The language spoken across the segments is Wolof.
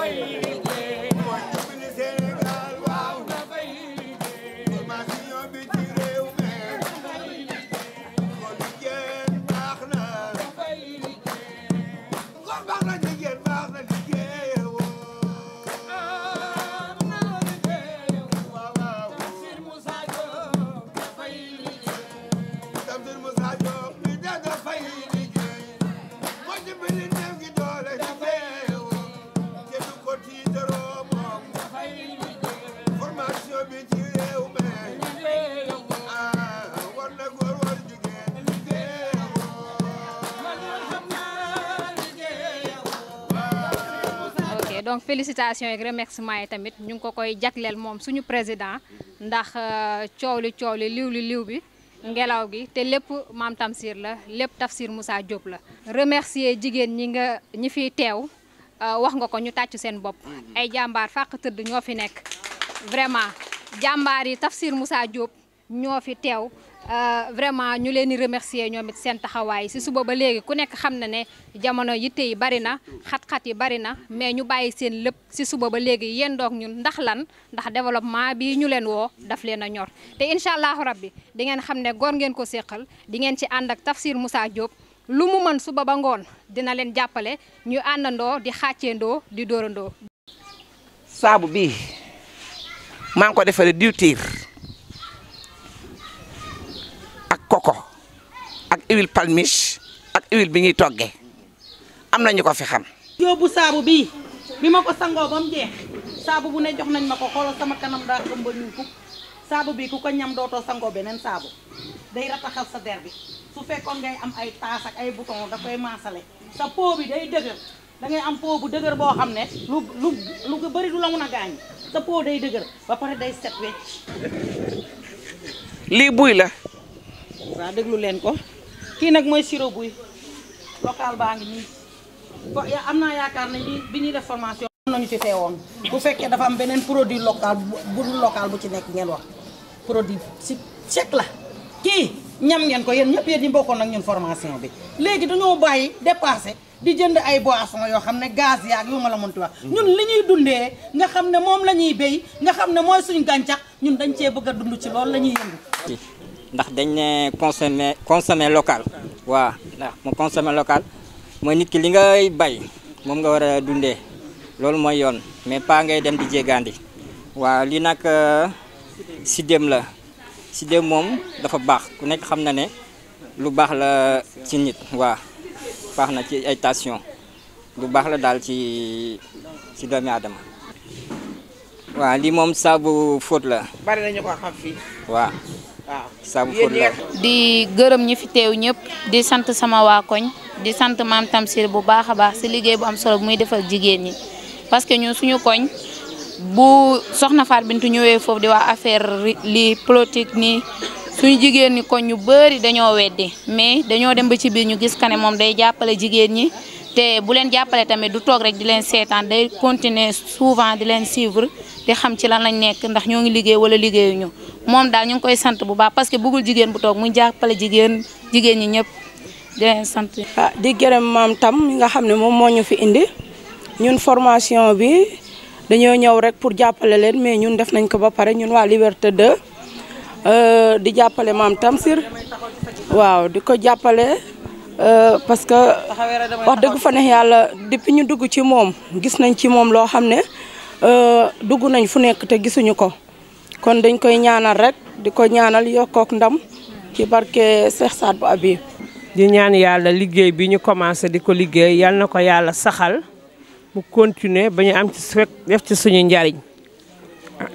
Hey! félicitations ak remerciements yi tamit ñu ngi ko koy jagleel moom suñu président ndax euh, coow li coow li liw li liw bi ngelaw gi te lépp maam Tamsir la lépp Tafsir Moussa jóob la. remercier jigéen ñi nga ñi fi teew euh, wax nga ko ñu tàcc seen bopp ay jàmbaar fàq tëdd ñoo fi nekk vraiment jàmbaar yi Tafsir Moussa jóob ñoo fi teew. Euh, vraiment ñu leen di remercier ñoom it seen taxawaay si suba ba léegi ku nekk xam na ne jamono yitte yi bari na xat-xat yi bari na mais ñu bàyyi seen lépp si suba ba léegi yéen doog ñun ndax lan ndax développement bi ñu leen woo daf leen a ñor te incha allahu rabbi di ngeen xam ne goor ngeen ko séqal di ngeen ci ànd ak Tafsir Moussa jóg lu mu mën suba ba ngoon dina leen jàppale ñu àndandoo di xàcceendoo di dóorandoo. saabu bi maa ngi ko defaree diwtiir koko ak huile palmiche ak huile bi ngi toggee am na ñu ko fi xam. yóbbu saabu bii bi ma ko sangoo ba mu jeex saabu bu ne jox nañ ma ko xoolal sama kanam daa ëmb ñu ko saabu bii ku ko ñam dootoo sangoo beneen saabu day rataxal sa der bi su fekkoon ngay am ay taas ak ay bouton da koy maasale sa peau bi day dëgër dangay am peau bu dëgër boo xam ne lu lu lu bëri du la mun a gaañ sa peau day dëgër ba pare day set wecc lii buy la. waaw déglu leen ko kii nag mooy lokal buy local baa ngi ko ya am naa yaakaar ne bi ñuy def formation am nañu ci teewoon bu fekkee dafa am lokal produit local bu dul local bu ci nekk ngeen wax produit si chèque la kii ñam ngeen ko yéen ñëpp yéen ñi bokkoon ak ñun formation bi léegi dañoo bàyyi dépassé di jënd ay boisson yo xam ne gaz yaag yu ma la mënti wax mm-hmm. ñun li ñuy nga xam ne moom la ñuy béy nga xam ne suñu gàncax ñun dañ cee bëgg dund ci loolu la yëngu ndax dañ ne consommer consommer local waaw ndax mu consommer local mooy nit ki li ngay bay moom nga war a dundee loolu mooy yoon mais paa ngay dem di jéggaandi waaw li nag euh, sidéem la sidéem moom dafa baax ku nekk xam na ne lu baax la ci nit waaw baax na ci ay tension lu baax la daal ci ci doomi aadama waaw lii moom saabu fóot la bari waaw di gërëm ñi fi teew ñëpp di sant sama waa koñ di sant maam Tamsir bu baax a baax si liggéey bu am solo bu muy defal jigéen ñi parce que ñun suñu koñ bu soxna Faat Bintu ñëwee foofu di waa affaire li politique ni suñu jigéen ñi koñ ñu bëri dañoo weddi mais dañoo dem ba ci biir ñu gis ka ne moom day jàppale jigéen ñi te bu leen jàppale tamit du toog rek di leen seetaan day continuer souvent di leen suivre di xam ci lan lañ nek ndax ñoo ngi liggéey wala ñu mom daal ñu ngi koy sante bu baax parce que bëggul jigen bu tok muy jappalé jigen jigen ñi ñëpp di leen sante ah, di gërëm mam tam mi nga xamne mom mo ñu fi indi ñun formation bi dañoo ñëw rek pour jappalé leen mais ñun def nañ ko ba paré ñun wa Liberté 2 euh, di jappalé mam tam sir waaw di ko jappalé jàppale euh, parce que wax deug fa neex yalla depuis ñu dugg ci mom gis nañ ci mom lo xamne Euh, dugg nañ fu nekk te gisuñu ko kon dañ koy ñaanal rek di ko ñaanal yokkook ndam ci barke Cheikh Saad bu Habib. di ñaan yàlla liggéey bi ñu commencé di ko liggéey yal na ko yàlla saxal mu continuer ba ñu am ci fekk njariñ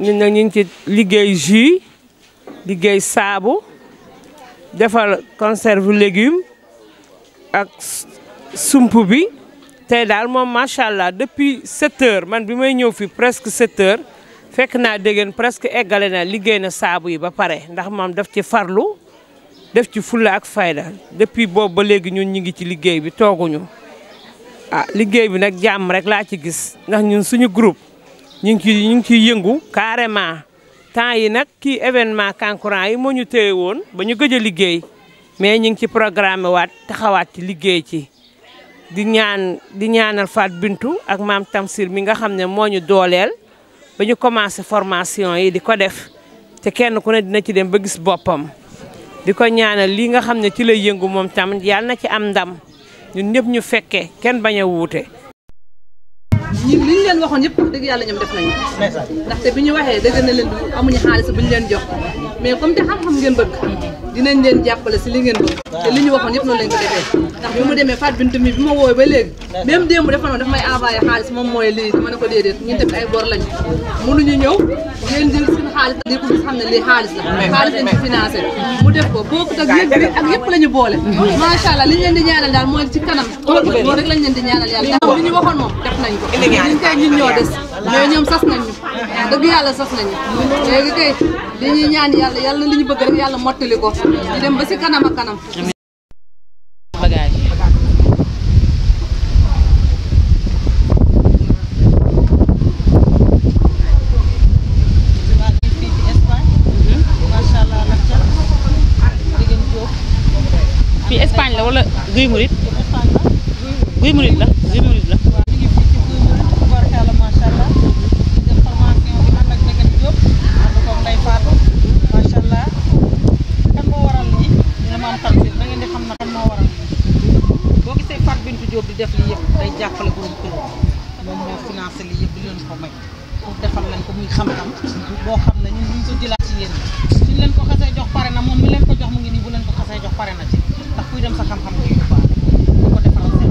ñun nag ñu ngi ci liggéey jus liggéey saabu defal conserve légumes ak sump bi. tey daal moom macha allah depuis 7 man bi may ñëw fi presque 7 fekk naa déggeen presque eggale na liggéey na saabu yi ba pare ndax moom def ci farlu def ci fulla ak fayda depuis boobu ba léegi ñun ñu ngi ci liggéey bi tooguñu ah liggéey bi nag jàmm rek laa ci gis ndax ñun suñu groupe ñu ngi ciy ñu ngi ciy yëngu carrément temps yi nag kii événement kankuran yi moo ñu téye woon ba ñu gëj a liggéey mais ñu ngi ci programme waat taxawaat ci liggéey ci. di ñaan di ñaanal Fatou bintu ak maam Tamsir mi nga xam ne moo ñu dooleel ba ñu commencé formation yi di ko def te kenn ku ne dina ci dem ba gis boppam. di ko ñaanal lii nga xam ne ci lay yëngu moom tam yàlla na ci am ndam ñun ñëpp ñu fekke kenn bañ a wuute. ñi li ñu leen waxoon yëpp dëgg yàlla ñoom def nañu ndaxte bi ñu waxee dëgg na leen du amuñu xaalis bu ñu leen jox mais comme te xam-xam ngeen bëgg dinañ leen jàppale si li ngeen bëgg te li ñu waxoon yëpp noonu lañ ko defee ndax bi mu demee Fatou Bintou mi bi ma woowee ba léegi même démb dafa noonu daf may envoyé xaalis moom mooy lii ma ne ko déedéet ñun tamit ay bor lañu mënuñu ñëw ngeen jël seen xaalis di ko xam ne lii xaalis la xaalis lañ ci financé mu def ko booku tak yëg bi ak yëpp la ñu boole macha allah li ñu leen di ñaanal daal mooy ci kanam loolu rek lañ leen di ñaanal yàlla li ñu waxoon moom def nañ ko ñun kay ñun ñoo des mais ñoom sas nañ ñu yàlla sas nañu léegi kay li ñuy ñaan yàlla yàlla li ñu bëgg rek yàlla mottali ko dem ba ci kanam ak kanam fii Espagne la wala Guy Murit Guy Murit la Guy Murit la Diop di def li yëpp day jàppale borom këram moom moo muy xam-xam boo xam ne ñun ñu ko jëlaat ci yéen suñ leen ko xasee jox pare na moom mi leen ko jox mu ngi nii bu leen ko xasee jox pare na ci ndax kuy dem sa xam-xam ko yóbbu baax bu ko defaral seen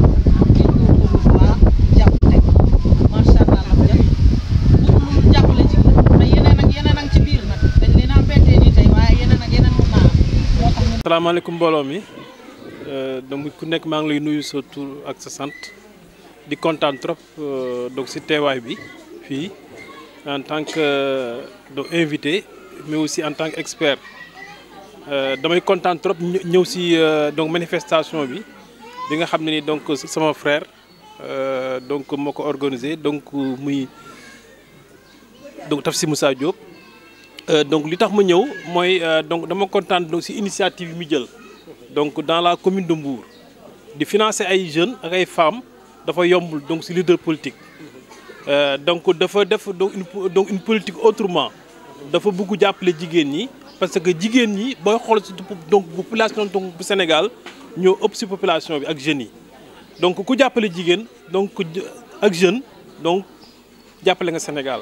salaamaaleykum mbooloo mi Euh, donc ku nek mang lay nuyu sa tour ak sa sante di kontaan trop euh, donc ci teewaay bi fi en tant que euh, donc invité mais aussi en tant que expert damay kontaan trop ñëw si donc manifestation bi bi nga xamni donc sama frère donc moo organiser donc muy donc tafsi Moussa Diop donc li tax ma ñëw mooy donc dama kontaan donc ci initiative mi jël donc dans la commune de Mbour De financer les jeunes et les femmes dafa yombul donc leader politique euh, donc dafa def donc une donc une politique autrement dafa beaucoup d'appeler les jeunes. parce que les jeunes, si on regarde donc population du Sénégal nous ëpp population bi les jeunes donc ku jàppale jigéen donc ak jeunes, donc le nga Sénégal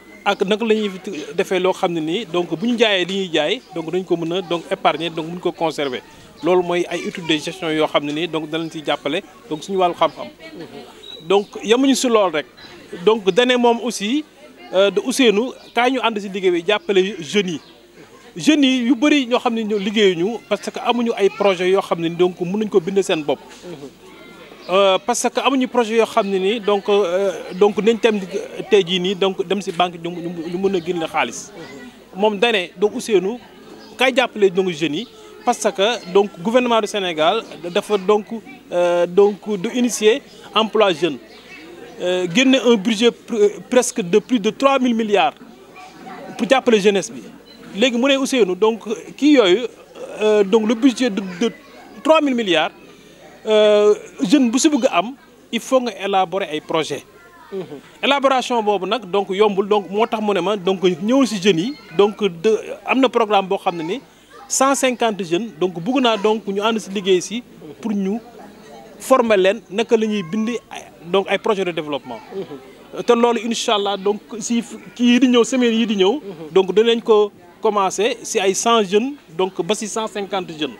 ak naka la defé lo loo ni donc buñu ñu jaayee li ñuy jaay donc dañ ko mëna donc épargner donc mën ko conserver loolu mooy ay études de gestion yoo xam ne nii donc danañ ciy jàppale donc suñu wàllu xam-xam. donc yemuñu si loolu rek donc dane moom aussi euh, de Ousseynou kaay ñu ànd si liggéey bi jàppale jeunes yi. jeunes yi yu bëri ñoo xam ne ñoo liggéeyuñu parce que amuñu ay projet yoo xam ne donc mënuñ ko bind seen bopp. Euh, parce que amuñu projet yo xamni ni donc euh, donc nañ tém tey jii ni donc dem ci banque ñu ñu mën a génne xaalis moom dane donc kay jappalé donc jeune yi parce que donc gouvernement du Sénégal dafa donc euh, donc du initier emploi jeune génne un budget presque de plus de 3000 milliards pour jappalé jeunesse bi légui mu ne Ousseynou donc kii yooyu donc le budget de de 3000 milliards euh, jeune bu si bëgg am il faut nga élaborer ay projet mhm. élaboration bobu nak donc yombul donc motax tax ma donc ñëwul ci jeunes yi donc amna programme bo xamné ni 150 jeunes donc bugg donc ñu and ci liggéey ci pour ñu former len naka lañuy ñuy bind donc ay projet de développement mhm. te lolu incha donc si ki di ñëw semaine yi di ñëw mhm. donc danañ ko commencer si ay 100 jeunes donc ba si 150 jeunes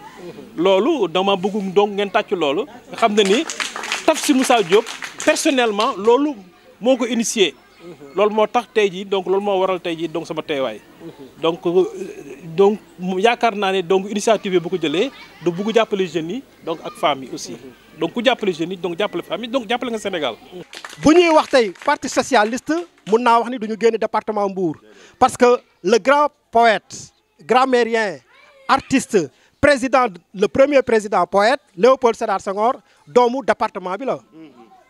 lolu dama bëggum donc ngeen tàcc loolu nga xam ni Tafsir Moussa Diop personnellement lolu moko initier initié mo tax tey jii donc lolu mo waral tey jii donc sama téway donc euh, donc yaakaar naa ne donc initiative bu ko jëlee du bugg jàppale jeunes yi donc ak femmes yi aussi donc ku jàppale jeunes yi donc jàppale femmes yi donc jàppale nga Sénégal bu ñuy wax tey parti socialiste mun naa wax ni duñu ñu génn département Mbour parce que le grand poète grammairien artiste président le premier président poète Léopold Sédar Senghor doomu département bi la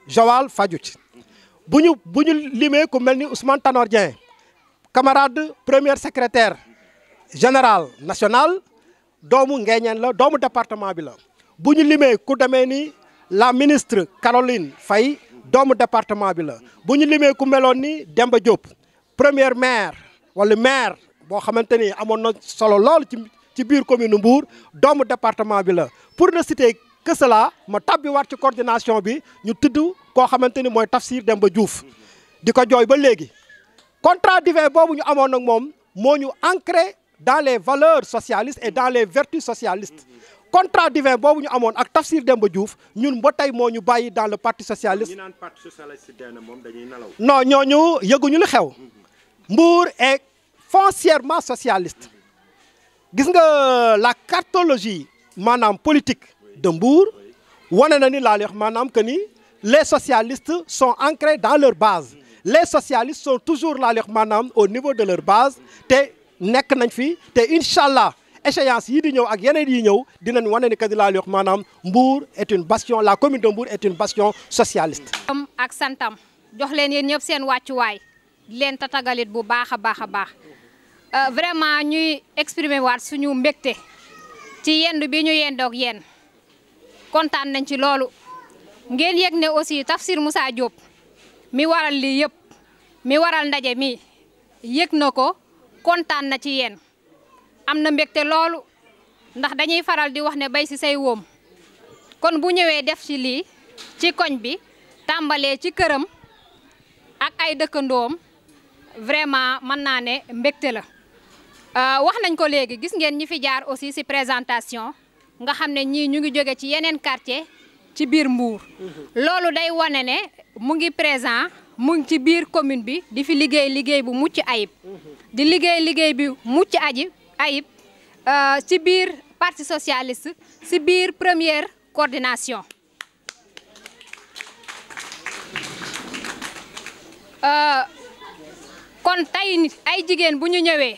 Joal Fadiouth bu ñu bu ñu ku Ousmane Tanor camarade premier secrétaire général national doomu Nguéniène la doomu département bi la bu ñu ku la ministre Caroline Fay, doomu département bi la bu ñu ku ni Demba Diop premier maire wala maire boo xamante ni amoon solo lool ci biir commune Mbour doomu département bi pour ne citer que cela coordination bi ñu tudd Tafsir contrat divin que ancré dans les valeurs socialistes et dans les vertus socialistes contrat divin que ñu avons ak Tafsir Demba Diouf ñun dans le parti socialiste. Non, nous, parti socialiste nous est foncièrement socialiste gis nga la cartologie manam politique de Mbour wane na ni laa wax maanaam que ni les socialistes sont ancrés dans leur base les socialistes sont toujours laa wax maanaam au niveau de leur base Té nek nañ fi te incha allah échéance yi di ñëw ak yeneen yi ñëw dinañ wane ni que ni laa wax Mbour est une bastion la commune de Mbour est une bastion socialiste. ak santam jox leen yéen ñëpp seen wàccuwaay leen tatagalit bu baax a baax a baax. Euh, vraiment ñuy exprimer waat suñu mbekté ci yendu bi ñu yendoog yenn contane nañ ci lolu ngeen yëg ne aussi Tafsir Moussa Diop mi waral li mi waral ndaje mi yek na ko na ci yenn am mbekté lolu ndax dañuy faral di wax ne bay ci say wom kon bu ñëwee def ci li ci koñ bi tambalé ci kërëm ak ay dëkkandoom vraiment man na né mbekté la Euh, wax nañ ko léegi gis ngeen ñi fi jaar aussi ci présentation nga xam ne ñii ñu ngi jóge ci yeneen quartier ci biir Mbour mhm. loolu day wane ne mu ngi présent mu ngi ci biir commune bi di fi liggéey liggéey bu mucc ayib mhm. di liggéey liggéey bi mucc aji ayib euh, ci biir parti socialiste ci biir première coordination euh, kon tey ay jigéen bu ñu ñëwee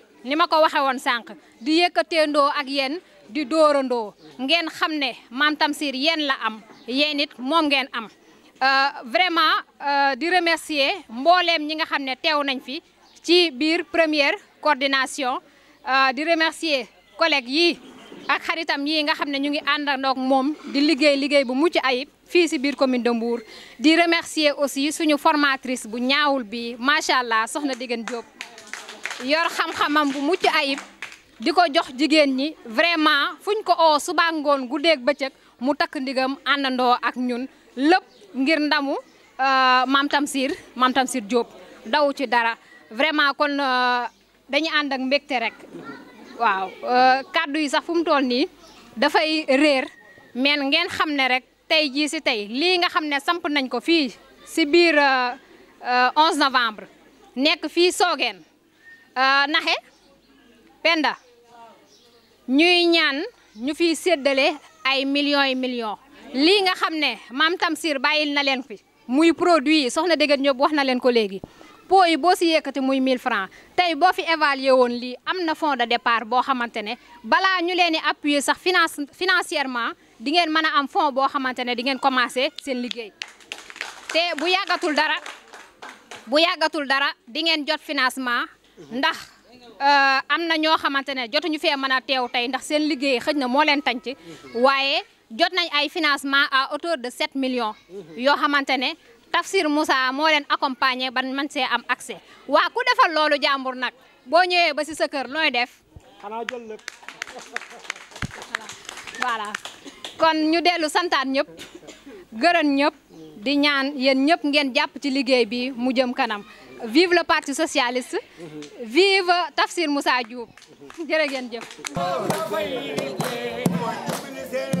nima ko waxe won sank di ndo ak yen di dorando ngeen xamne mam Tamsir yen la am yéen it ngeen am euh, vraiment euh, di remercier mbollem ñi nga xamne tew nañ fi ci bir première coordination euh, di remercier collègue yi ak xaritam yi nga xamne ñu ngi andandok mom di liggey liggey bu mucc ayib fi si bir commune de Mbour di remercier aussi suñu formatrice bu ñaawul bi machallah soxna Digeen Diop yor xam-xamam bu mucc ayib di ko jox jigéen ñi vraiment fuñ ko oo suba ngoon guddeeg bëccëg mu takk ndigam àndandoo ak ñun lépp ngir ndamu euh, maam Tamsir maam Tamsir Diop daw ci dara vraiment kon euh, dañuy ànd ak mbégte rek waaw euh, kàddu yi sax fum mu toll nii dafay réer men ngeen xam ne rek tey jii si tey lii nga xam ne samp nañ ko fii si biir onze novembre nekk fii Sogeen Euh, naxe penda ñuy ñaan ñu fi séddale ay millions yi millions lii nga xam ne maam Tamsir bàyyil na leen fi muy produit yi soxna Dégét ñëpp wax na leen ko léegi pot boo si yëkkati muy 1000 francs tey boo fi évalué woon lii am na fonds de départ boo xamante ne balaa ñu leen di sax finance financièrement di ngeen mën a am fonds boo xamante ne di ngeen commencé seen liggéey te bu yàggatul dara bu yàggatul dara di jot financement ndax euh, am na ñoo xamante ne jotuñu fee mën a teew tey ndax seen liggéey xëj na moo leen tànc waaye jot nañ ay financement à hauteur de 7 million yoo xamante ne Tafsir Moussa moo leen accompagner ba man see am accès waa ku defal loolu jàmbur nag boo ñëwee ba si sa kër nooy def. xanaa kon ñu dellu santaan ñëpp. gërëm ñëpp di ñaan yéen ñëpp ngeen jàpp ci liggéey bi mu jëm kanam vive le parti socialiste vive Tafsir Moussa Diop jërë ngeen jëf